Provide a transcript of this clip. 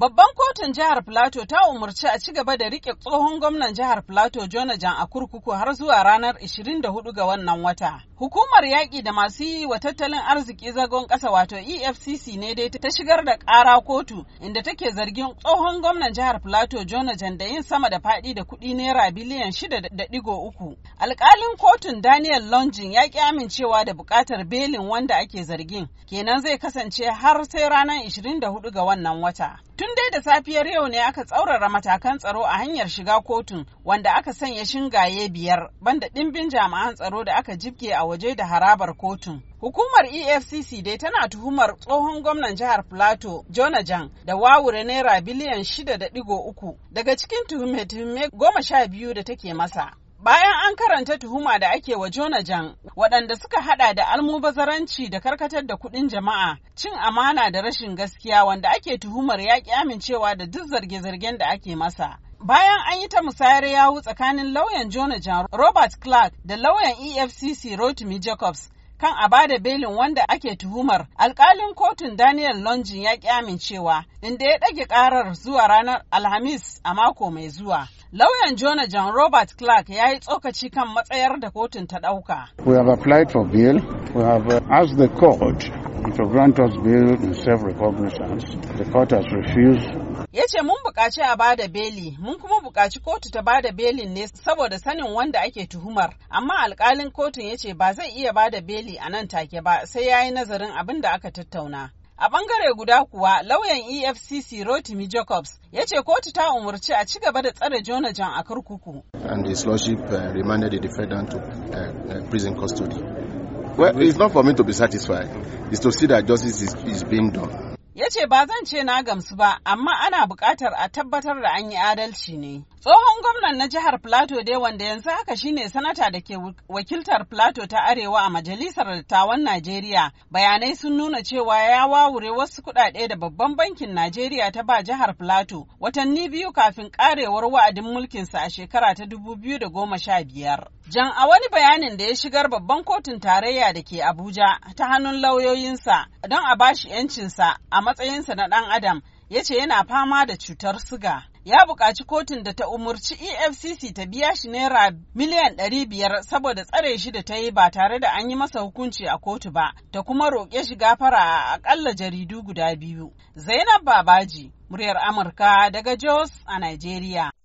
Babban kotun jihar Filato ta umarci a ci gaba da rike tsohon gwamnan jihar Filato Jonajan a kurkuku har zuwa ranar 24 ga wannan wata. Hukumar yaƙi da masu yi wa tattalin arziki zagon ƙasa wato EFCC ne dai ta shigar da ƙara kotu inda take zargin tsohon gwamnan jihar Plateau Jonajan da yin sama da faɗi da kuɗi naira biliyan shida da ɗigo uku. Alƙalin kotun Daniel Longin ya ƙi amincewa da buƙatar belin wanda ake zargin kenan zai kasance har sai ranar 24 ga wannan wata. Tun dai da safiyar yau ne aka tsaurara matakan tsaro a hanyar shiga kotun wanda aka sanya shingaye biyar banda ɗimbin jami'an tsaro da aka jibge a waje da harabar kotun. Hukumar EFCC dai tana tuhumar tsohon gwamnan jihar Plateau, Jonajan, da wawure naira biliyan shida da digo uku daga cikin tuhume-tuhume goma sha biyu da take masa. Bayan an karanta tuhuma da ake wa Jonajan, waɗanda suka hada da almubazaranci da karkatar da kuɗin jama'a, cin amana da rashin gaskiya wanda ake tuhumar yaƙi amincewa da duk zarge-zargen da ake masa. Bayan an yi ta musayar yawu tsakanin lauyan Jona Jan Robert Clark da lauyan EFCC Rotimi Jacobs kan a bada belin wanda ake tuhumar alkalin kotun Daniel Longin ya ƙi amincewa inda ya ɗage ƙarar zuwa ranar Alhamis a mako mai zuwa. Lauyan Jona Robert Clark ya yi tsokaci kan matsayar da kotun ta ɗauka. We have applied for bail. We uh, the court to grant us bail in self-recognizance. The court has refused. Ya mun bukaci a bada beli, mun kuma bukaci kotu ta bada belin ne saboda sanin wanda ake tuhumar. Amma alkalin kotun yace ba zai iya bada beli a nan take ba sai yayi nazarin abin da aka tattauna. A bangare guda kuwa lauyan EFCC Rotimi Jacobs ya ce kotu ta umarci a ci gaba da tsare Jonajan a kurkuku. And his lordship uh, remanded the defendant to uh, uh prison custody. Well, it's not for me to be satisfied. It's to see that justice is, is being done. ya ce ba zan ce na gamsu ba amma ana buƙatar a tabbatar da an yi adalci ne tsohon gwamnan na jihar plateau dai wanda yanzu haka shine sanata da ke wakiltar plateau ta arewa a majalisar dattawan najeriya bayanai sun nuna cewa ya wawure wasu kuɗaɗe da babban bankin najeriya ta ba jihar plateau watanni biyu kafin karewar wa'adin mulkinsa a shekara ta 2015. Jan a wani bayanin da ya shigar babban kotun tarayya da ke Abuja ta hannun lauyoyinsa don a bashi 'yancinsa a matsayinsa na ɗan adam ya ce yana fama da cutar suga. Ya buƙaci kotun da ta umarci EFCC ta biya shi naira miliyan ɗari biyar saboda tsare shi da ta yi ba tare da an yi masa hukunci a kotu ba, ta kuma roƙe shi gafara a aƙalla jaridu guda biyu. Zainab Babaji, muryar Amurka daga Jos a Najeriya.